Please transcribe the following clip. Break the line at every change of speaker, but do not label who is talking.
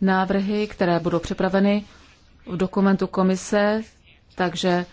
návrhy, které budou připraveny v dokumentu komise, takže